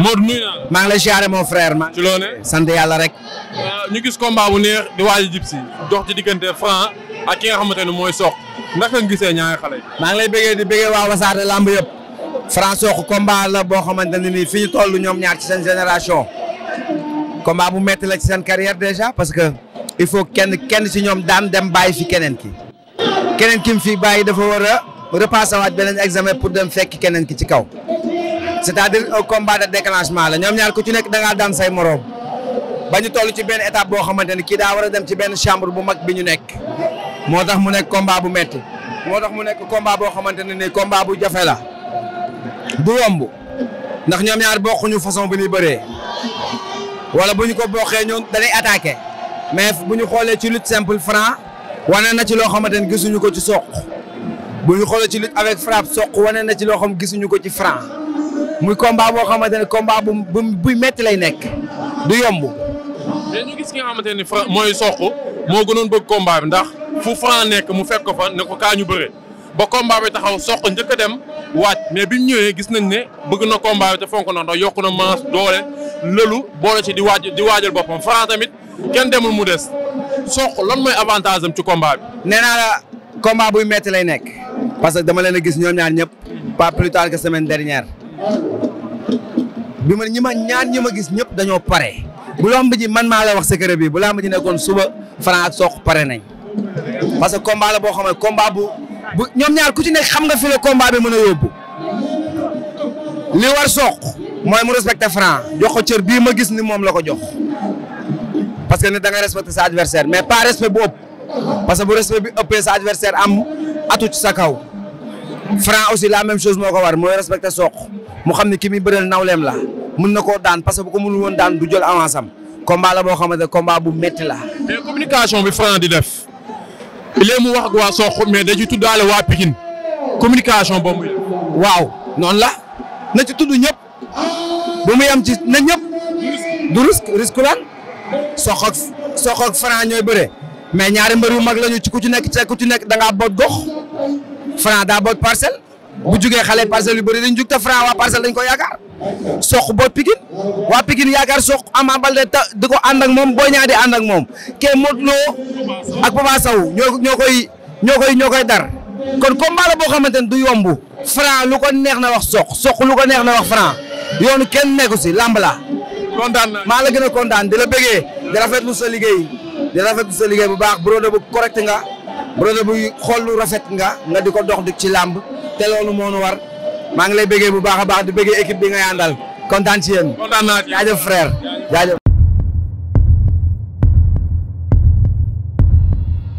Modou nuyu naa maa ngi lay siyaare mon frère ma. ci sant yàlla rek. ñu gis combat bu neex di waaj a jib si ci diggante Franc ak ki nga xamante ne mooy sox ndax nga gisee ñaari xale yi. maa ngi lay bëggee di bëggee waa Wassare Lamb yëpp. Franc Sokh combat la boo xamante ne nii fi ñu toll ñoom ñaar ci seen génération. combat bu metti la ci seen carrière déjà parce que il faut kenn kenn si ñoom daan dem bàyyi fi keneen ki. keneen ki mu fi bàyyi dafa war a repasser waat beneen examen pour dem fekk keneen ki ci kaw. c'est-à-dire un combat de déclenchement la ñoom ñaar ku ci nekk da ngaa say moroom ba ñu toll ci benn étape boo xamante ni kii daa war a dem ci benn chambre bu mag bi ñu nekk moo tax mu nekk combat bu metti moo tax mu nekk combat boo xamante ne ni combat bu jafe la du womb ndax ñoom ñaar bokkuñu façon bu ni bëree wala bu ñu ko bokkee ñoom dañuy attaqué mais bu ñu xoolee ci lutte simple franc wane na ci loo xamante ni gisuñu ko ci soq bu ñu xoolee ci lutte avec frappe soq na ci loo xam gisuñu ko ci franc. muy combat boo xamante ne combat bu bu buy metti lay nekk du yomb. mais ñu gis ki nga xamante ne Franc mooy Sokh moo gënoon bëgg combat bi ndax fu Franc nekk mu fekk ko fa ne ko kaa ñu bëre ba combat bi taxaw Sokh njëkk a dem waaj mais bi mu ñëwee gis nañ ne bëgg na combat bi te fonk na yokk na masse doole lëlu boole ci di waaj di waajal boppam Franc tamit kenn demul mu des Sokh lan mooy avantage am ci combat bi. nee naa la combat buy metti lay nekk. parce que dama leen a gis ñoom ñaan ñëpp pas plus semaine dernière. bi ma ñi ma ñaan ñi ma gis ñëpp dañoo pare bu lamb ji man maa la wax secret bi bu lamb ji nekkoon suba Franc ak Sokh pare nañ parce que combat la boo xam ne combat bu bu ñoom ñaar ku ci ne xam nga fi la combat bi mën a yóbbu li war Sokh mooy mu respecté Franc jox ko cër bii ma gis ni moom la ko jox parce que ne da nga respecté sa adversaire mais pas respect bu ëpp parce que bu respect bi ëppee sa adversaire am atu sa kaw Franc aussi la même chose moo ko war mooy respecté Sokh mu xam ne ki muy bëreel nawleem la mën na koo daan parce que bu ko mënul woon daan du jël avance am combat boo xamante ne combat bu metti la. mais communication bi Franc di def. léegi mu wax ak waa Sokh mais da ci tuddaale waa Pikine communication boobu. waaw noon la na ci tudd ñëpp bu muy am ci na ñëpp du risque risque lan Sokh ak Sokh ñooy bëre mais ñaari mbër yu mag lañu ci ku ci nekk ci ku ci nekk da ngaa boot gox Franc daa boot parcelle. bu jugee xale parcelle yu bëri dañ jug te Franc waa parcelle dañ ko yaakaar soq boo Pikine waa Pikine yaakaar soq Ama Baldé ta di ko ànd ak moom boo Niang di ànd ak moom kenn Modou Lo ak Papa Sow ñoo ñoo koy ñoo koy ñoo koy dar kon kom la boo xamante ne du yomb Franc lu ko neex na wax soq soq lu ko neex na wax Franc yoon kenn nekku si lamb la kontaan maa la gën a kontaan di la bëggee di rafetlu sa liggéey di rafetlu sa liggéey bu baax bu brodo bu correct nga brodo bu xool lu rafet nga nga di ko dox di ci làmb te loolu moo nu war maa ngi lay bëggee bu baax a baax di bëggee équipe bi nga yàndal kontaan ci yéen. kontaan naa ci jaajëf